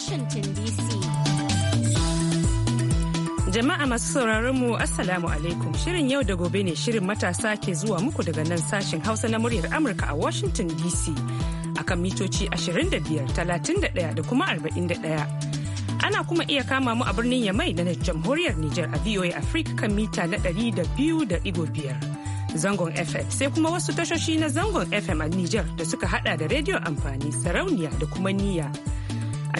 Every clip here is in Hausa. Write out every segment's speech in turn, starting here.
Washington DC. Jama'a masu sauraron mu Assalamu alaikum shirin yau da gobe ne shirin matasa ke zuwa muku daga nan sashen Hausa na muryar Amurka a Washington DC akan mitoci 25, 31 da kuma 41. ana kuma iya kama mu a birnin yamai na jamhuriyar Nijar a VOA Africa kan mita na ɗari da biyu da biyar Zangon FM sai kuma wasu tashoshi na zangon FM a Nijar da suka hada da rediyo amfani sarauniya da kuma niyya.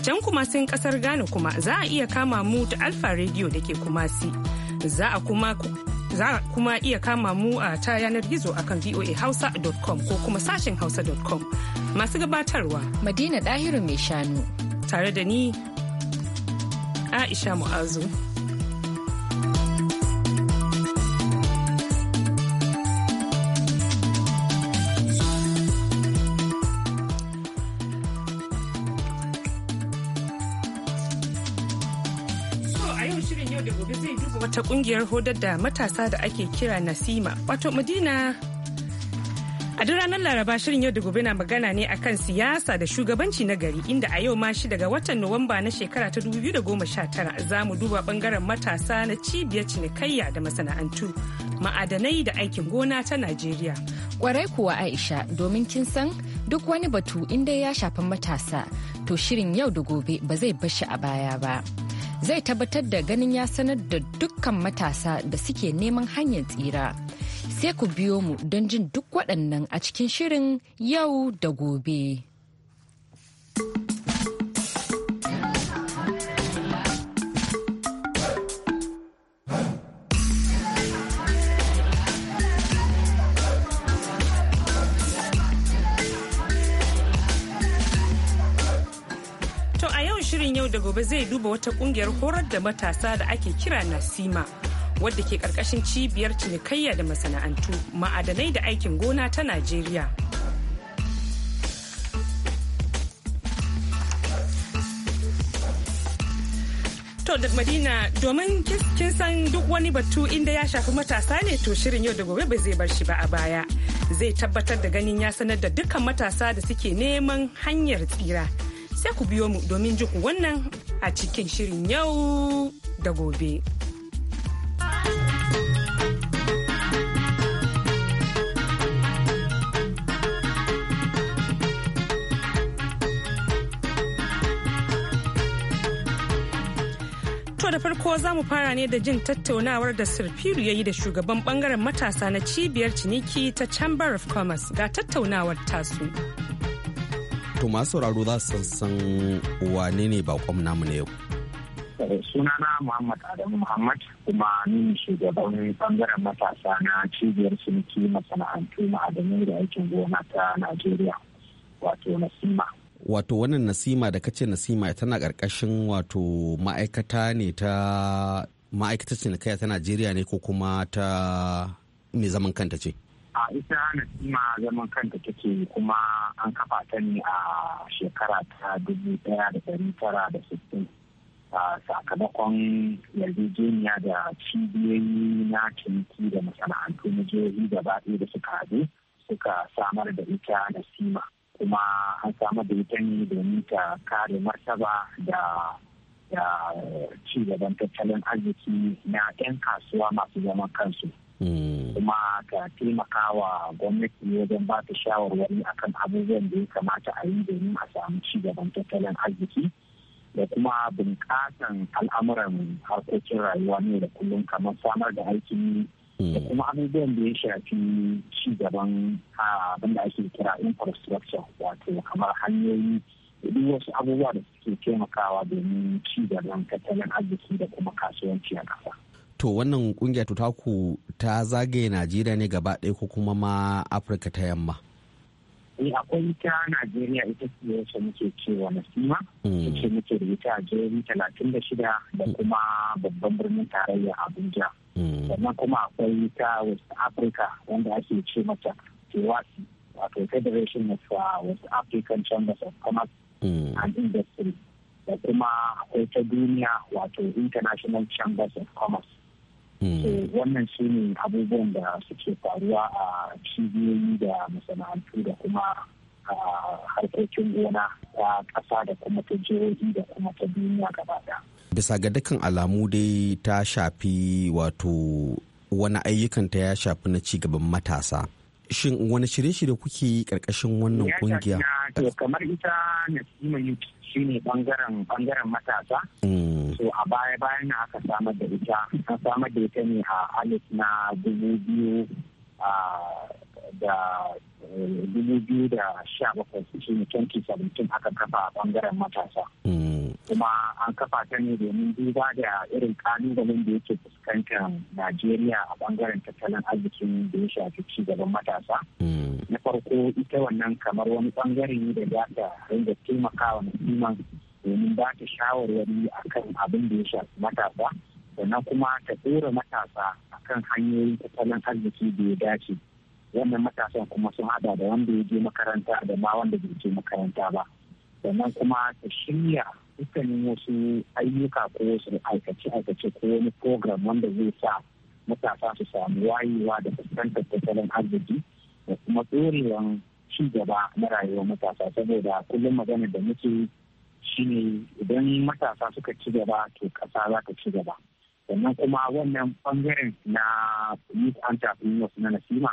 can kuma sun kasar Ghana kuma za a iya kama mu ta Alfa Radio da ke Kumasi. Za a kuma za kuma iya kama mu a ta yanar gizo akan voahausa.com ko kuma sashen hausa.com masu gabatarwa madina ɗahiru mai shanu tare da ni aisha mu'azu wata kungiyar hodar da matasa da ake kira Nasima. Wato Madina A duk ranar Laraba shirin yau da gobe na magana ne akan siyasa da shugabanci na gari inda a yau ma shi daga watan Nuwamba na shekara ta 2019 za mu duba bangaren matasa na cibiyar cinikayya da masana'antu ma'adanai da aikin gona ta Najeriya. Kwarai kuwa Aisha domin kin san duk wani batu inda ya shafi matasa to shirin yau da gobe ba zai bashi a baya ba. zai tabbatar da ganin ya sanar da dukkan matasa da suke neman hanyar tsira. Sai ku biyo mu don jin duk waɗannan a cikin shirin yau da gobe. da gobe zai duba wata kungiyar horar da matasa da ake kira nasima wadda ke karkashin cibiyar cinikayya da masana'antu ma'adanai da aikin gona ta najeriya to da madina domin kin san duk wani batu inda ya shafi matasa ne to shirin yau da gobe ba zai bar shi ba a baya zai tabbatar da ganin ya sanar da dukkan matasa da suke neman hanyar tsira sai ku biyo mu domin ku wannan a cikin shirin yau da gobe. da farko za mu fara ne da jin tattaunawar da sirfiru ya yi da shugaban bangaren matasa na cibiyar ciniki ta chamber of commerce ga tattaunawar tasu. to masu sauraro za su san wane ne bakon namu ne yau. Eh, sunana Muhammad Adamu Muhammad kuma ni shugaban bangaren matasa na cibiyar ciniki masana'antu ma'adanai da aikin gona ta Najeriya wato Nasima. Wato wannan Nasima da kace Nasima tana ƙarƙashin wato ma'aikata ne ta ma'aikatar cinikaya ta Najeriya ne ko kuma ta mai zaman kanta ce? a ita nasima zaman kanta take kuma an kafa ta ne a shekara ta dubu daya da dari tara da sittin sakamakon yarjejeniya da cibiyoyi na cinki da masana'antu na jihohi gaba baɗi da suka haɗu suka samar da ita nasima kuma an samar da ita ne domin ta kare martaba da da ci gaban tattalin arziki na 'yan kasuwa masu zaman kansu. Mm. kuma ta taimaka wa gwamnati wajen ba ta shawarwari akan abubuwan da ya kamata a yi domin a samu ci gaban tattalin arziki da kuma bunƙasan al'amuran harkokin rayuwa ne da kullum kamar samar da aikin da mm. kuma abubuwan da ya shafi ci gaban abin da ake kira infrastructure wato kamar hanyoyi duk wasu abubuwa da suke taimakawa domin ci gaban tattalin arziki da kuma kasuwanci a ƙasa. to wannan kungiyar ta taku ta zagaye najeriya ne gaba ɗaya ko kuma ma afirka ta yamma eh akwai ta najeriya ita ce yasa muke cewa nasima hmm. ce muke da ita a talatin da shida da hmm. kuma babban birnin tarayya abuja hmm. sannan kuma akwai ta west africa wanda ake ce mata tewasi wato federation of uh, west african chambers of commerce and industry da kuma akwai ta duniya wato international chambers of commerce Hmm. Eh, wannan shi ne abubuwan da suke faruwa a cibiyoyi da masana'antu da kuma harkokin gona ta ƙasa da kuma ta jihohi da kuma ta duniya gaba bisa ga dukkan alamu dai ta shafi wato wani ayyukanta ya shafi na cigaban matasa shin wani shirye-shirye kuke yi ƙarƙashin wannan ƙungiya kamar ita na shine bangaren bangaren matasa mm. so a baya bayan na aka samar da ita an samar da ita ne a alif na dubu biyu da eh, dubu biyu da sha bakwai shine 2017 aka kafa a bangaren matasa mm. kuma an kafa ta ne domin duba da irin kalubalen da yake fuskantar mm. najeriya a bangaren tattalin arzikin da ya shafi ci gaban matasa mm. na farko ita wannan kamar wani bangare ne da za ta ringa taimakawa musamman domin ba ta shawarwari kan abin da ya shafi matasa sannan kuma ta tsora matasa akan hanyoyin tattalin arziki da ya dace wannan matasan kuma sun hada da wanda ya je makaranta da ma wanda bai je makaranta ba sannan kuma ta shirya dukkanin wasu ayyuka ko wasu aikace-aikace ko wani program wanda zai sa matasa su samu wayewa da fuskantar tattalin arziki da kuma tsorewan ci gaba na rayuwar matasa saboda kullum magana da muke ne idan matasa suka ci gaba to kasa za ta ci gaba sannan kuma wannan bangaren na youth entrepreneurs na nasima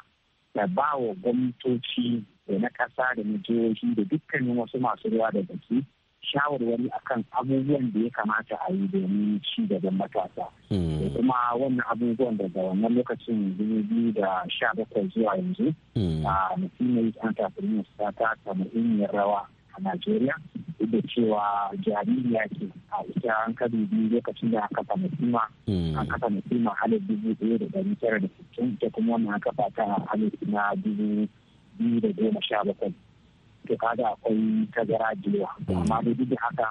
da ba wa gwamnatoci da na ƙasa da na jihohi da dukkanin wasu masu ruwa da baki shawarwari akan abubuwan da ya kamata a yi domin ci gaban matasa hmm. da kuma wannan abubuwan daga wannan lokacin biyu biyu da sha bakwai zuwa yanzu hmm. a mutumai entrepreneurs ta taka muhimmiyar rawa a Najeriya duk da cewa jaririya ke a ita an kabi biyu lokacin da aka kafa kima hmm. an kafa kima halin dubu ɗaya da ɗari tara da sittin da kuma wannan aka fata halin na dubu biyu da goma sha bakwai to da akwai tazara jiwa mm. amma da duk haka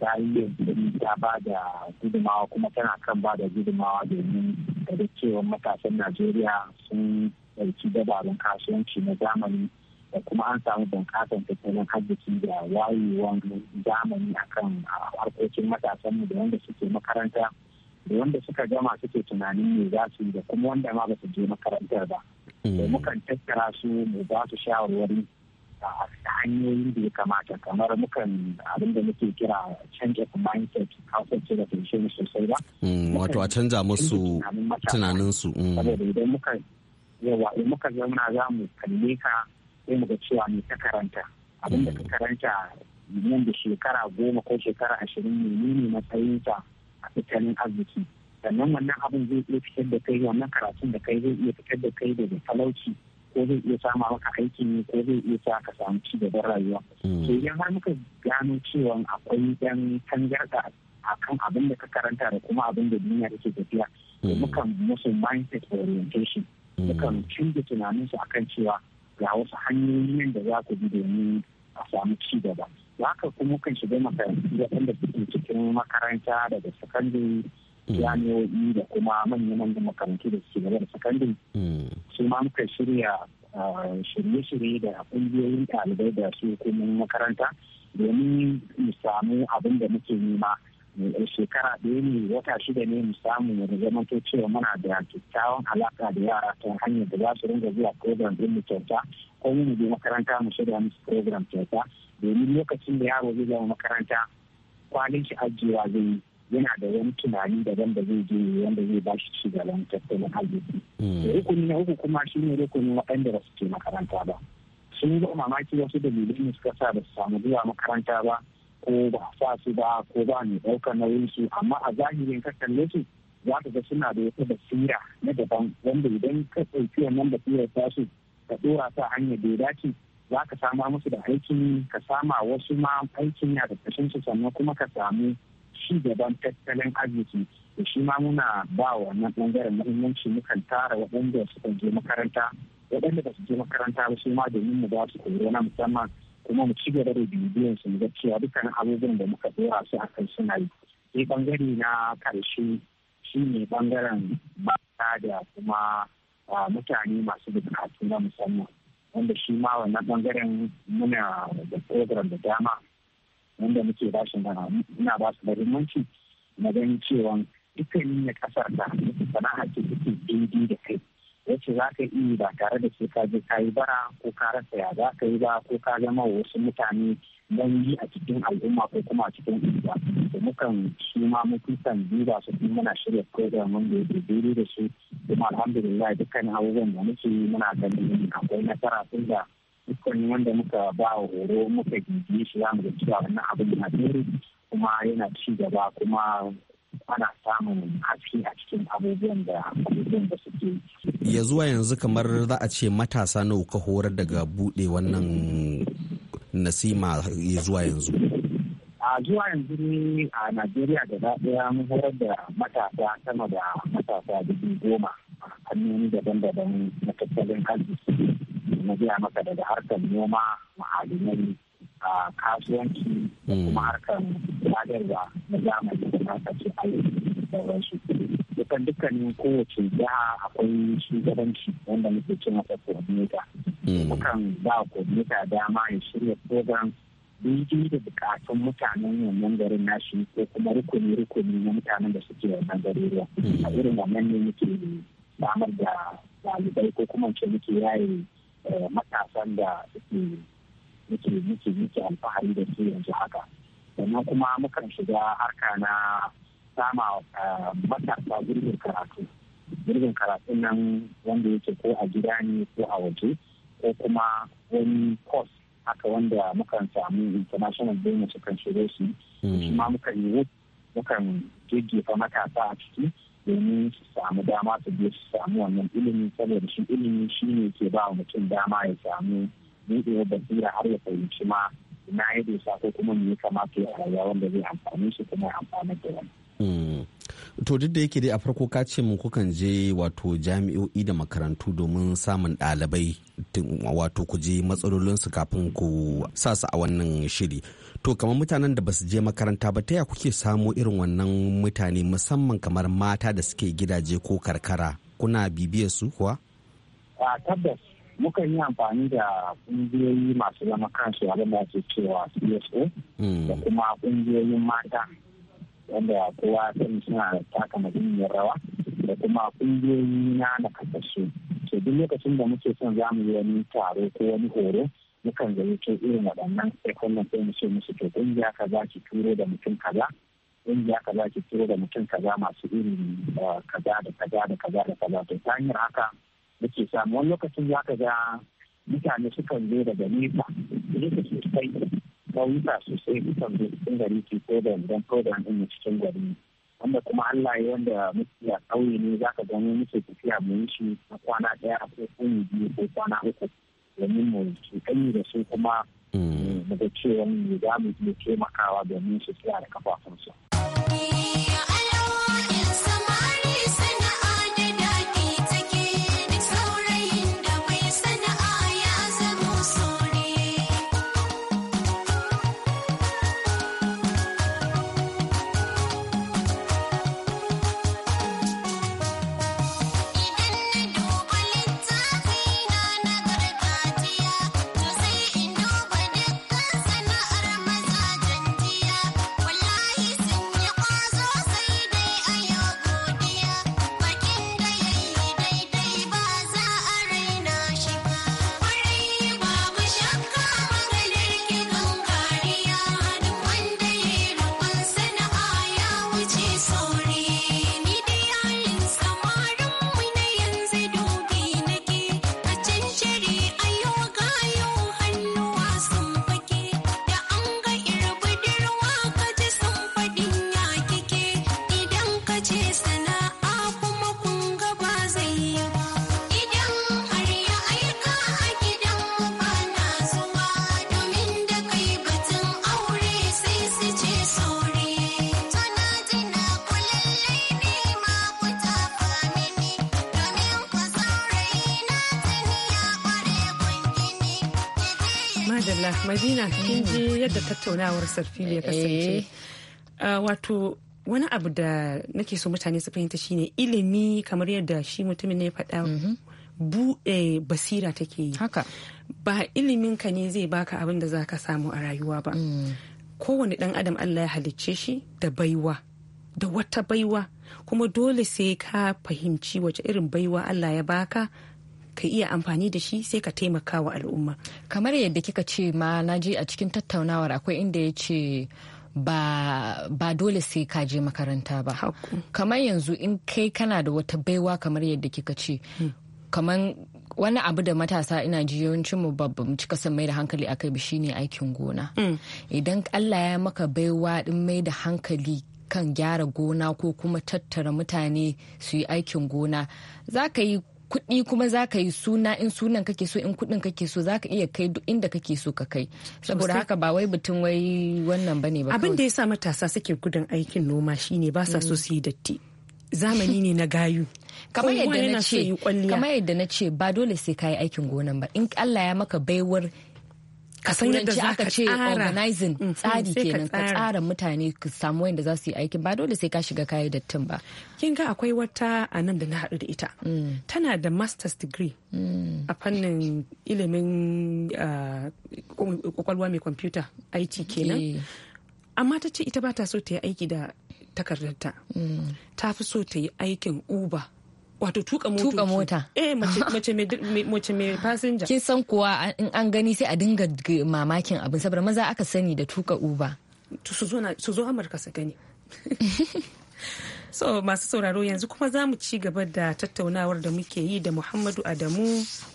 ta yi yanzu ta ba da gudumawa kuma tana kan ba da gudumawa domin da cewa matasan najeriya sun ɗauki dabarun kasuwanci na zamani da kuma an samu bunƙasar tattalin arziki da wayewar zamani a kan harkokin matasan mu da wanda suke makaranta da wanda suka gama suke tunanin me za su yi da kuma wanda ma ba su je makarantar ba. Mm. mukan tattara su mu ba su shawarwari ta hanyoyin da ya kamata kamar mukan abin da muke kira change of mindset hausa ce da fahimce sosai ba. Mm, wato a canza musu tunaninsu. Mm. saboda idan muka yawa in muka zauna za mu kalle ka sai mu ga cewa me ta karanta abin da ka mm. karanta nan da shekara goma ko shekara ashirin ne ne ta a tattalin arziki sannan wannan abin zai iya fitar da kai wannan karatun da kai zai iya fitar da kai daga talauci ko zai iya sama maka aikin ne ko zai iya sa ka samu ci gaban rayuwa mm. to idan har muka gano cewa akwai dan tangarda akan abin da ka karanta da kuma abin da duniya take tafiya mm. mukan musu mindset orientation mm. mukan canza su akan cewa ga wasu hanyoyin da za ku bi domin a samu ci gaba haka kuma kan shiga makarantu da suke cikin makaranta daga sakandare jami'o'i mm. da kuma manya-manyan makarantu da suke gaba da mm. su ma muka shirya shirye-shirye da kungiyoyin ɗalibai da su kuma makaranta domin mu samu abin da muke nema shekara ɗaya ne wata shida ne mu samu da zama to cewa muna da kyakkyawan alaka da yara ta hanyar da za su ringa zuwa program ɗin mu kyauta ko mu je makaranta mu shirya musu program kyauta domin lokacin da yaro zai zama makaranta kwanan shi ajiyewa zai yi yana da wani tunani daban da zai je wanda zai ba shi ci gaban tattalin arziki. Hmm. Rukuni na uku kuma shi ne rukunin waɗanda ba su ke makaranta ba. Sun zo mamaki wasu dalilai ne suka sa ba su samu zuwa makaranta ba ko ba sa su ba ko ba mai ɗaukar nauyin su amma a zahirin ka kalle su za ka ga suna da wata basira na daban wanda idan ka ɗauki wannan basirar su ka ɗora ta hanyar da ya dace za ka sama musu da aikin ka sama wasu ma aikin ya da su sannan kuma ka samu ci gaban tattalin arziki da shi ma muna ba wannan bangaren muhimmanci mukan tara waɗanda suka je makaranta waɗanda ba su je makaranta ba su ma domin mu ba su koyo na musamman kuma mu ci gaba da bibiyan su ga cewa dukkan abubuwan da muka dora su a kai suna yi sai bangare na karshe shi ne bangaren mata da kuma mutane masu bukatu na musamman wanda shi ma wannan bangaren muna da program da dama wanda muke ba shi ina ba su muhimmanci na ganin cewa dukkanin na kasar da sana'a ce take daidai da kai wacce za ka yi ba tare da sai ka je ka yi bara ko ka rasa ya za ka yi ba ko ka zama wasu mutane don yi a cikin al'umma ko kuma a cikin unguwa da mukan shi ma mutukan duba su kuma muna shirya program da ya daidai da su kuma alhamdulillah dukkan abubuwan da muke yi muna ganin akwai nasara tun da dukkan wanda muka ba horo muka gidi shi za mu ga cewa wannan abin yana kuma yana ci gaba kuma ana samun haske a cikin abubuwan da abubuwan da suke ya zuwa yanzu kamar za a ce matasa nawa uka horar daga buɗe wannan nasima ya zuwa yanzu a zuwa yanzu ne a najeriya da ɗaya mu horar da matasa sama da matasa dubu goma hanyoyi daban-daban na tattalin arziki na gaya maka daga harkar noma ma'adinai a kasuwanci da hmm. kuma harkar sadarwa na zamani da ce ayi aiki sauransu dukkan dukkanin kowace jiha akwai shugabanci wanda muke ce masa coordinator hmm. mukan ba coordinator dama ya shirya program daidai da bukatun mutanen wannan garin nashi ko kuma rukuni rukuni na mutanen da suke wannan garuruwa a hmm. irin wannan ne muke samar da ɗalibai ko kuma ce muke yaye eh, matasan da suke muke muke amfani alfahari da su yanzu haka sannan kuma mukan shiga harka na sama eh, matasa gurbin karatu gurbin karatu nan wanda yake ko a gida ne ko a waje ko kuma wani course haka wanda mukan samu international business kan shirye shi hmm. shi ma mukan yi mukan jejjefa matasa a ciki domin su samu dama su je su samu wannan ilimi saboda shi ilimi shi ne ke ba mutum dama ya samu buɗewar basira har ya fahimci ma na ya dosa ko kuma me ya kamata ya rayuwa wanda zai amfani shi kuma ya amfanar da wani. Mm. to duk da yake dai a farko ka ce mu kukan je wato jami'o'i da makarantu domin samun ɗalibai wato ku je matsalolinsu kafin ku sa su a wannan shiri to kamar mutanen da basu je makaranta ba ta ya kuke samo irin wannan mutane musamman kamar mata da suke gidaje ko karkara kuna bibiyar su kuwa a tabbas mukan yi amfani da kungiyoyi masu zama kansu a cewa da mm. kuma kungiyoyin mata wanda kowa sun suna taka muhimmiyar rawa da kuma kungiyoyi na na kasashe. to duk lokacin da muke son za mu yi wani taro ko wani horo mukan gayyato irin waɗannan sai kuma sai mu ce musu to kungiya za ki turo da mutum kaza kungiya za ki turo da mutum kaza masu irin eh, kaza da kaza da kaza da kaza to ta hanyar haka muke samu wani lokacin za ka ga mutane sukan zo daga nesa su ƙauyuka sosai dukkan cikin gari ke ko da idan program ɗin na cikin gari wanda kuma Allah ya wanda muke a ƙauye ne za ka gano muke tafiya mu yi shi na kwana ɗaya ko kuni biyu ko kwana uku domin mu kanyi da su kuma mm. mu ga cewa mu za mu iya taimakawa domin su tsaya da kafafunsu. madalla madina mm. kin ji yadda tattaunawar sarfili ya kasance eh. uh, wato wani abu da nake so mutane su fahimta shine ilimi kamar yadda shi mutumin ne faɗa mm-hmm. buɗe basira take yi haka ba ilimin ka ne zai baka abin da zaka samu a rayuwa ba mm. kowane ɗan adam Allah ya halicce shi da baiwa da wata baiwa kuma dole sai ka fahimci wace irin baiwa Allah ya baka ka iya amfani da shi sai ka taimaka wa al'umma kamar yadda kika ce ma na ji a cikin tattaunawar akwai inda ya ce ba, ba dole sai ka je makaranta ba kamar yanzu in kai kana da wata baiwa kamar yadda kika ce hmm. kamar wani abu da matasa ina ji yawancin mu babba mu cika san mai da hankali akai bi shine aikin gona hmm. idan Allah ya maka baiwa din mai da hankali kan gyara gona ko kuma tattara mutane su yi aikin gona za ka yi kuɗi kuma za ka yi suna in sunan kake so in kuɗin kake so za ka iya kai duk inda kake so ka kai saboda haka ba wai mutum wai wannan bane ba abin da ya sa matasa suke gudun aikin noma shine ba sa so mm. su yi datti zamani ne na gayu kamar yadda na ce ba dole sai ka yi aikin gonan ba in Allah ya maka baiwar ka san yadda za ka ce organizing mm, mm, tsari kenan ka tsara mutane ka samu wanda za su yi aikin ba dole sai ka shiga kayan dattin ba kin ga akwai wata a nan da na haɗu da ita mm. tana da masters degree a fannin ilimin uh, um, kwakwalwa mai kwamfuta IT kenan eh. amma ta ce ita ba ta so ta yi aiki da takardarta ta fi so ta yi aikin uber wato tuka mota tuka mota eh mace mace mai passenger kin san kuwa in an gani sai a dinga mamakin abin saboda maza aka sani da tuka uba su zo amurka su gani so masu sauraro yanzu kuma za mu ci gaba da tattaunawar da muke yi da muhammadu adamu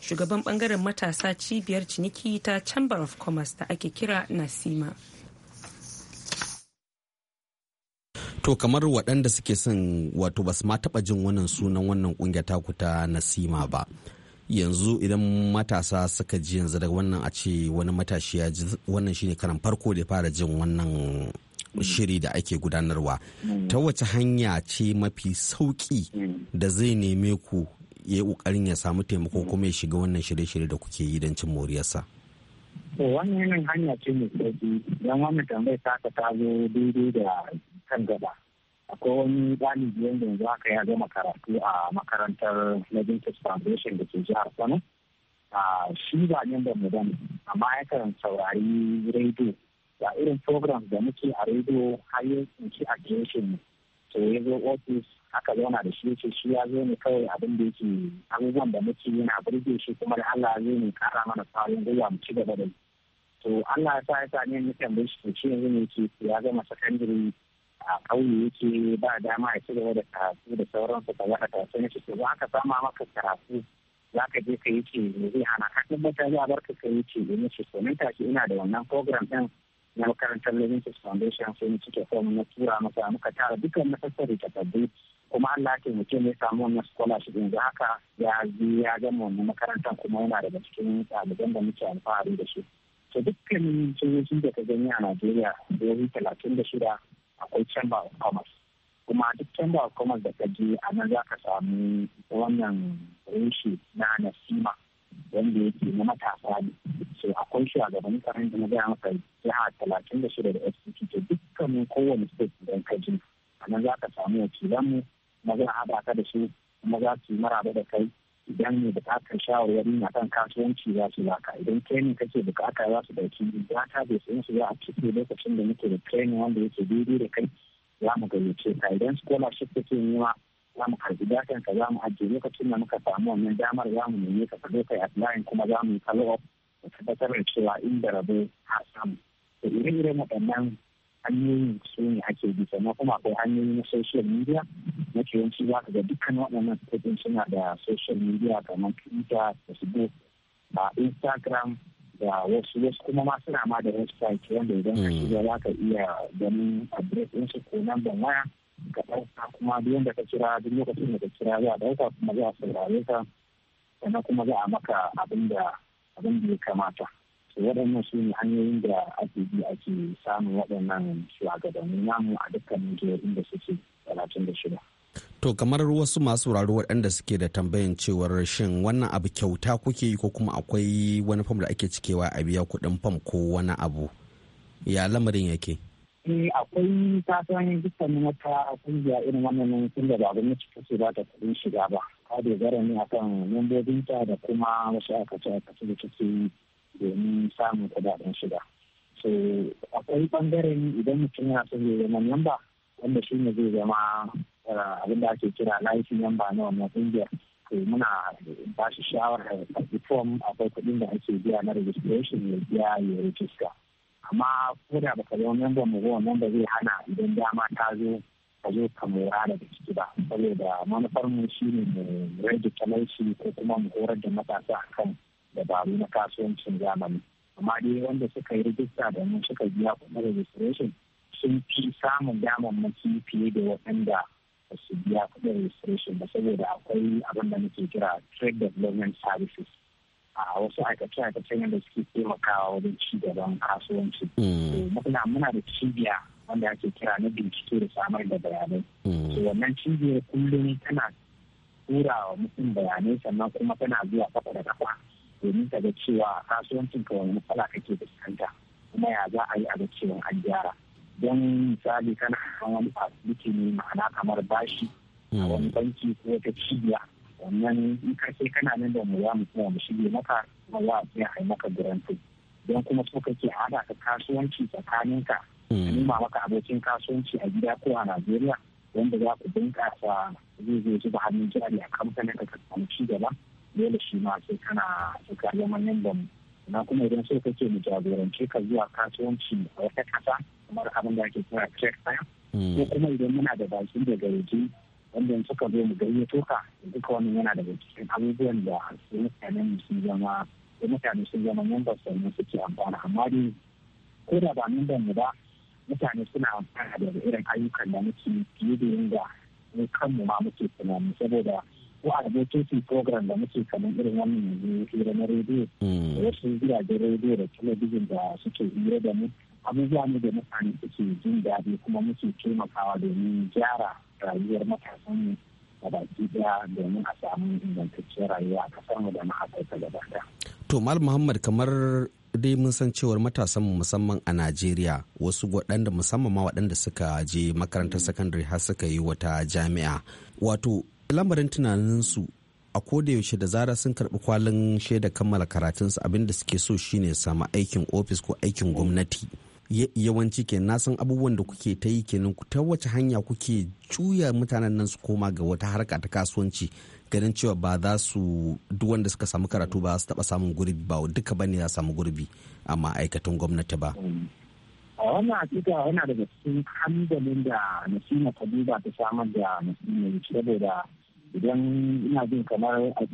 shugaban bangaren matasa cibiyar ciniki ta chamber of commerce da ake kira nasima to kamar waɗanda suke son wato ba su ma taɓa jin wannan sunan wannan ta ku ta nasima ba yanzu idan matasa suka ji yanzu daga wannan a ce wani matashi ya ji wannan shine karan farko da fara jin wannan shiri da ake gudanarwa ta wace hanya ce mafi sauki da zai neme ku ya yi ƙoƙarin ya samu taimako kuma ya shiga wannan shirye-shirye da kuke yi don cin moriyarsa. wannan hanya ce mai sauki don wani tambayar ta ta zo daidai da kan gaba akwai wani ɗalibi wanda yanzu haka ya gama karatu a makarantar Leventus Foundation da ke jihar Kano shi ba da mu mudan amma ya karanta saurari rediyo ga irin program da muke a rediyo har ya tsinci a mu to ya zo ofis aka zauna da shi yace shi ya zo ne kawai abin da yake abubuwan da muke yana burge shi kuma da Allah zai ne kara mana tsarin gwiwa mu ci gaba da to Allah ya sa ya sa ne mu tambaye shi to shi yanzu ne ke ya zama sakandare. a ƙauye yake ba dama ya ci gaba da karatu da su ka zaɗa karatu na shi ko aka sama maka karatu za ka je ka yi ce ne zai hana ka tabbata za a bar ka ka yi ce ne shi to tashi ina da wannan program ɗin na makarantar Livingston Foundation sai cike ko na tura masa muka tara dukkan ta takardu kuma Allah ke mutum ne samu wannan scholarship yanzu haka ya ya gama wannan makarantar kuma yana daga cikin ɗaliban da muke alfahari da shi. ta dukkanin jihohi da ta gani a Najeriya yi talatin da shida akwai chamber of commerce kuma duk chamber of commerce da ka je a nan za ka samu wannan rushe na nasima wanda yake na matasa ne so akwai gaban karin da na gaya maka jiha talatin da shida da fct to dukkanin kowane state don ka je a nan za ka samu wakilanmu kuma za a haɗa ka da su kuma za su yi maraba da kai idan mai bukatar shawarwari na kan kasuwanci za su laka idan training kake bukata za su dauki ta bai sayan su za a ciki lokacin da muke da training wanda yake daidai da kai za mu gayyace ka idan scholarship kake nema za mu karbi datan ka za mu ajiye lokacin da muka samu wannan damar za mu neme ka ka kai applying kuma za mu yi follow up da tabbatar da cewa inda rabo ka samu to ire-iren waɗannan hanyoyin su ne ake bi sannan kuma akwai hanyoyi na social media na yawanci za ka ga dukkan waɗannan kudin suna da social media kamar twitter facebook da instagram da wasu wasu kuma ma suna ma da website wanda idan ka hmm. shiga za ka iya ganin address su ko namban waya ka ɗauka kuma duk wanda ka kira duk lokacin da ka kira za a ɗauka kuma za a saurare ka sannan kuma za a maka abin da abin da ya kamata. waɗannan su ne hanyoyin da ake bi ake samun waɗannan shugabanni namu a dukkanin jihohin da suke talatin da shida. To kamar wasu masu wurare waɗanda suke da tambayan cewar shin wannan abu kyauta kuke yi ko kuma akwai wani fam da ake cikewa a biya kuɗin fam ko wani abu ya lamarin yake. Eh akwai kasuwanin dukkanin wata kungiya irin wannan kungiya ba gwamnati ce ba ta kuɗin shiga ba. Ka dogara ne akan membobinta da kuma wasu aikace-aikace da suke domin samun kudaden shiga so akwai ɓangaren idan mutum ya son ya zama yamba wanda shi ne zai zama eh, abin da ake kira life yamba na wannan ƙungiyar to muna ba shi shawara ya karɓi form akwai kuɗin da ake biya na registration ya biya ya rijista amma ko da baka zama memba mu ba wanda zai hana idan dama ta zo ka zo ka mora daga ciki ba saboda manufar mu ne mu rage talauci ko kuma mu horar da matasa a kan. dabaru na kasuwancin zamani amma dai wanda suka yi rijista da suka biya kuɗin registration sun fi samun maki fiye da waɗanda ba su biya kuɗin registration ba saboda akwai abin da muke kira trade development services a wasu aikace-aikacen yadda suke taimakawa wajen ci gaban kasuwanci. Hmm. Muna muna da cibiya wanda ake kira na bincike da samar da bayanai. Hmm. So wannan cibiyar kullum tana turawa mutum bayanai sannan kuma tana zuwa kafa da kafa domin ta ga cewa kasuwancin ka wani matsala kake fuskanta kuma ya za a yi a ga cewa an gyara don misali kana kan wani asibiti ne ma'ana kamar bashi a hmm. wani banki ko wata cibiya wannan in ka sai kana nan da mu ya mu kuma mu shige maka kuma za a tsaya a yi maka garanti don kuma so kake haɗa ka kasuwanci tsakaninka ka nima hmm. maka abokin kasuwanci a gida ko a Najeriya wanda za ku bunƙasa zai zo zuba hannun jari a kamfanin ka ka samu ci gaba dole shi ma sai kana suka zama yadda na kuma idan sai kake mu jagorance ka zuwa kasuwanci a wata kasa kamar abin da ake kira check fire hmm. ko kuma idan muna da bakin da gareji wanda suka zo mu gayyato ka duka wannan yana daga cikin abubuwan da su mutane sun zama da mutane sun zama memban sannan suke amfana amma dai ko da ba da mu ba mutane suna amfana da irin ayyukan da muke fiye da yadda mu kanmu ma muke tunani saboda ko advocacy program da muke kamar irin wannan yanzu hira na rediyo hmm. da wasu gidajen rediyo da talabijin da suke hira da mu abubuwa ne da mutane suke jin daɗi kuma muke taimakawa domin gyara rayuwar mu da baki ɗaya domin a samu ingantacciyar rayuwa a kasar mu da na afirka gaba ɗaya. to mal muhammad kamar dai mun san cewar matasan mu musamman a najeriya wasu waɗanda musamman ma waɗanda suka je makarantar sakandare har suka yi wata jami'a wato lamarin tunaninsu a kodayaushe da zara sun karɓi kwalin shaida kammala karatunsu abinda suke so shine samu aikin ofis ko aikin gwamnati yawanci ke na san abubuwan da kuke ta yi kenan ku ta wace hanya kuke juya mutanen nan su koma ga wata harka ta kasuwanci ganin cewa ba za su duk wanda suka samu karatu ba su taba samun gurbi ba duka bane ya samu gurbi a ma'aikatan gwamnati ba a wannan hakika yana daga cikin hanzalin da nasima ta duba ta samar da nasima saboda idan ina jin kamar a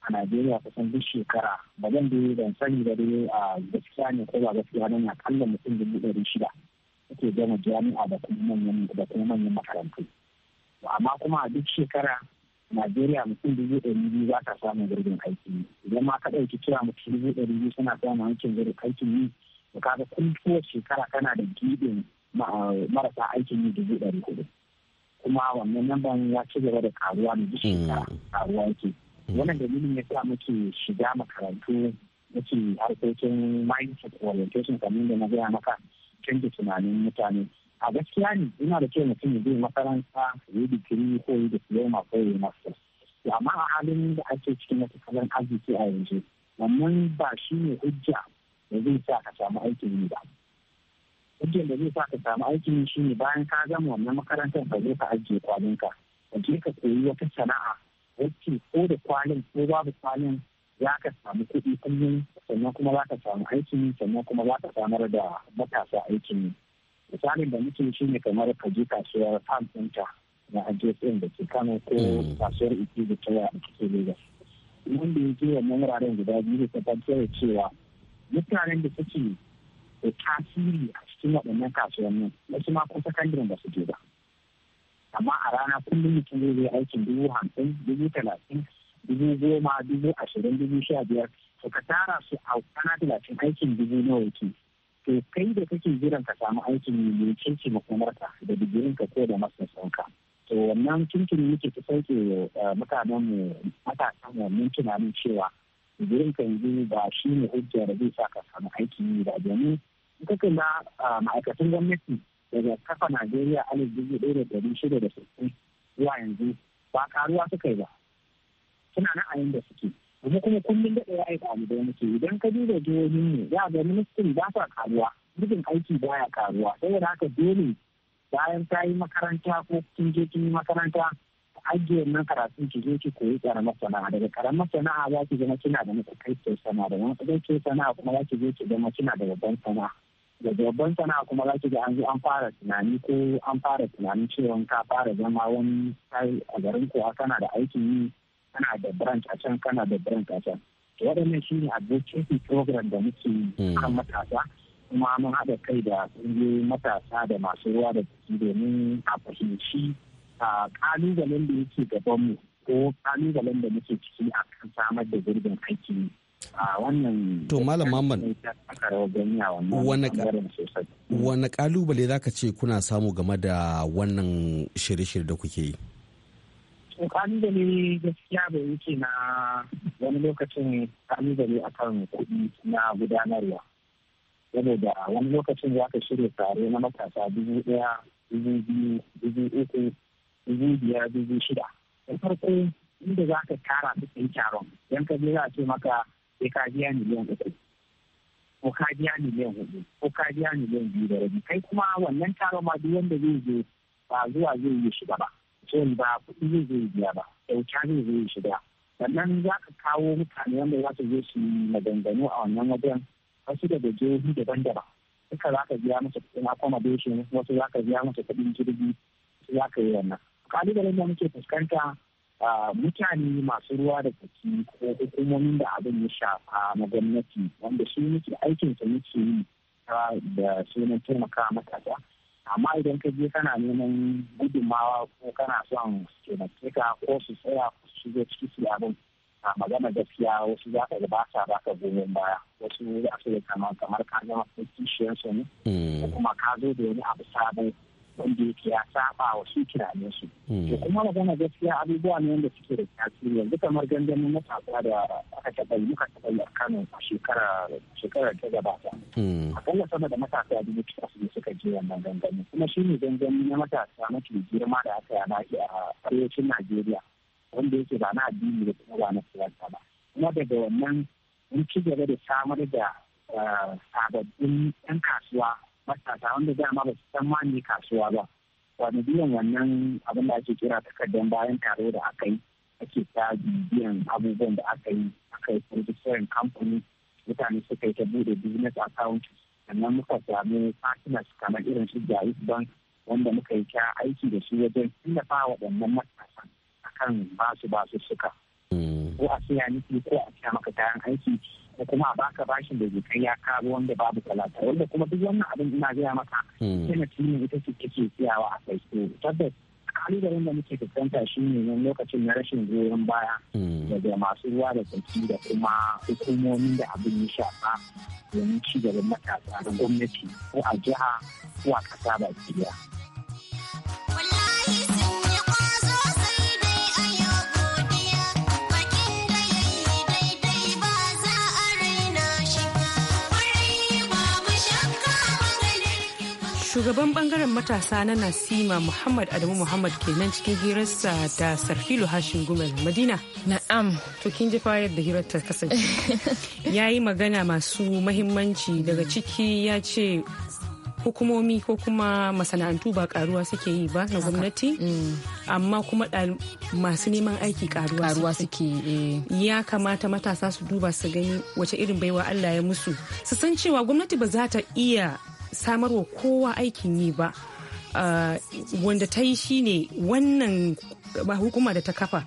a najeriya kusan duk shekara ba zan dai ban sani da dai a gaskiya ne ko ba gaskiya na kalla mutum dubu ɗari shida ake gama jami'a da kuma manyan makarantu amma kuma a duk shekara Najeriya mutum dubu ɗari biyu za ta samun gurbin aiki idan ma ka ɗauki cewa mutum dubu ɗari biyu suna samun hankin gurbin aikin yi kaga kuma shekara kana da gibin marasa aikin yi dubu ɗari hudu kuma wannan namban ya ci gaba da karuwa da duk shekara mm. karuwa yake mm. wannan dalilin ya sa muke shiga makarantu muke harkokin mindset orientation kamar da na gaya maka canza tunanin mutane a gaskiya ne ina da kyau mutum ya je makaranta ya yi digiri ko ya diploma ko ya yi master amma a halin da ake cikin wata kalan arziki a yanzu wannan ba shi ne hujja da zai sa ka samu aikin yi ba hujjar da zai sa ka samu aikin yi shine bayan ka gama wannan makarantar ba zai ka ajiye kwalinka ka je ka koyi wata sana'a wacce ko da kwalin ko babu kwalin za ka samu kuɗi kullum sannan kuma za ka samu aikin yi sannan kuma za ka samar da matasa aikin yi misalin da mutum shi ne kamar ka je kasuwar farm center na ajiyar da ke kano ko hmm. kasuwar iki da ta yaya da ke lagos wanda ya je wannan wuraren guda biyu da tabbatar cewa mutanen da suke da tasiri a cikin waɗannan kasuwannin wasu ma kusa sakandaren ba su je ba amma a rana kullum mutum zai zai aikin dubu hamsin dubu talatin dubu goma dubu ashirin dubu sha biyar to ka tara su a kana talatin aikin dubu nawa yake to kai da kake jiran ka samu aikin ne ce ka da digirin ka ko da masasanka to wannan tuntuni muke ta sauke eh, mutanen mu matasan mu mun tunanin cewa jirin kan yanzu ba shi ne hujja da zai sa ka samu aikin yi ba domin ita na ma'aikatan gwamnati daga kafa najeriya alif dubu ɗaya da ɗari shida da sittin zuwa yanzu ba karuwa suka yi ba suna na da da suke kuma kuma kullum da ɗaya aiki abu da muke idan ka duba jihohin mu za ga ministan ba sa karuwa Jirgin aiki baya karuwa saboda haka dole bayan ta yi makaranta ko kin je kin yi makaranta ajiye nan karatun ki je ki koyi karamar sana'a daga karamar sana'a za ki zama kina da matsakaiciyar sana'a daga sana sana'a kuma za ki je ki zama kina da babban sana'a daga babban sana'a kuma za ki ga an zo an fara tunani ko an fara tunanin cewa ka fara zama wani sai a garin kowa kana da aikin yi kana da branch a can kana da branch a can waɗannan shi ne advocacy program da muke hmm. kan matasa kuma mun haɗa kai da matasa da masu ruwa da ciki domin a fahimci kalubalen da yake gabanmu ko kalubalen da muke ciki a kan samar da gurbin aiki wannan to malam mamman wani kalubale za ka ce kuna samu game da wannan shirye-shirye da kuke yi kalubale gaskiya bai yake na wani lokacin kalubale akan kuɗi na gudanarwa saboda wani lokacin za ka shirya tare na matasa dubu ɗaya dubu biyu dubu uku dubu biyar dubu shida da farko inda za ka tara su kai taron don ka je za a ce maka sai ka biya miliyan uku ko ka biya miliyan hudu ko ka biya miliyan biyu da rabi kai kuma wannan taron ma duk wanda zai zo ba zuwa zai yi shiga ba so ba kuɗi zai zai biya ba kyauta zai zo shiga sannan za ka kawo mutane wanda za su je su maganganu a wannan wajen wasu daga jihohi daban-daban duka za ka biya musu kuɗin accommodation wasu za ka biya masa kuɗin jirgi su za ka yi wannan Kalibarin da muke fuskanta mutane masu ruwa da tsaki ko hukumomin da abin ya shafa na gwamnati wanda su muke aikin sa muke yi da sunan taimaka matasa amma idan ka je kana neman gudunmawa ko kana son su taimake ko su tsaya ko su shigo ciki su abin a magana gaskiya wasu za ka ga ba sa baka goyon baya wasu za su yi kamar kamar ka zama kishiyarsu ne mm. ko kuma ka zo da wani abu sabo wanda yake ya saba wa su tunanin su hmm. to kuma magana gaskiya abubuwa ne wanda suke da tasiri yanzu kamar gangamin matasa da aka taba yi muka taɓa yi a Kano a shekara shekarar ta gabata hmm. akalla sama da matasa dubu tara su suka je wannan gangamin kuma shi ne gangamin na matasa mafi girma da aka yi a arewacin Najeriya wanda yake ba na addini da kuma ba na siyasa ba kuma daga wannan mun ci gaba da samar da ah, sababbin 'yan kasuwa matasa wanda dama ba su san ma ne kasuwa ba wani biyan wannan abin da ake kira takardar bayan taro da aka yi ake ta biyan abubuwan da aka yi aka yi producer kamfani mutane suka yi ta bude business account sannan muka samu partners kamar irin su jais bank wanda muka yi ta aiki da su wajen tallafa waɗannan matasa akan basu basu suka ko a siya niki ko a siya maka kayan aiki ko kuma a baka bashin da zai kai ya kawo wanda babu talata wanda kuma duk wannan abin ina gaya maka yana hmm. tuni ita ce take siyawa a kai so tabbas kalubalen da muke fuskanta shi ne lokacin na rashin goyon baya hmm. daga masu ruwa da tsaki da kuma hukumomin da abin ya shafa domin ci gaban matasa da gwamnati ko a jiha ko a ƙasa baki daya. shugaban bangaren matasa na nasima muhammad adamu muhammad kenan cikin hirarsa da sarfilu hashin gumel madina na'am to kin ji fayar da hirar ta kasance ya yi magana masu mahimmanci daga ciki ya ce hukumomi ko kuma masana'antu ba karuwa suke yi ba na gwamnati mm. amma kuma masu neman aiki karuwa suke eh. ya kamata matasa su duba su gani wace irin baiwa allah ya musu su san cewa gwamnati ba za ta iya samarwa kowa aikin yi ba ah, wanda ta yi shi ne wannan hukuma da ta kafa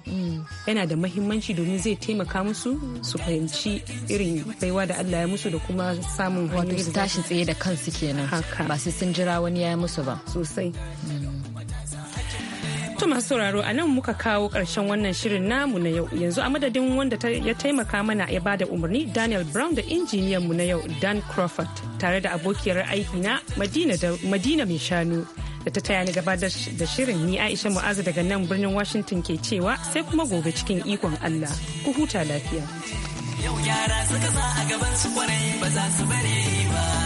yana da mahimmanci domin zai taimaka musu su fahimci irin baiwa da Allah ya musu da kuma samun wato tashi tsaye da kansu kenan ba sai sun jira wani ya musu ba sosai mm. To masu sauraro a nan muka kawo karshen wannan shirin namu na yau yanzu a madadin wanda ya taimaka mana ya bada umarni Daniel Brown da injiniyan mu na yau Dan Crawford tare da abokiyar aiki na Madina mai shanu da ta taya ni gabatar da shirin ni Aisha Mu'azu daga nan birnin Washington ke cewa sai kuma gobe cikin ikon Allah ku huta lafiya. Yau yara suka sa a gaban su kwarai ba za su bare ba.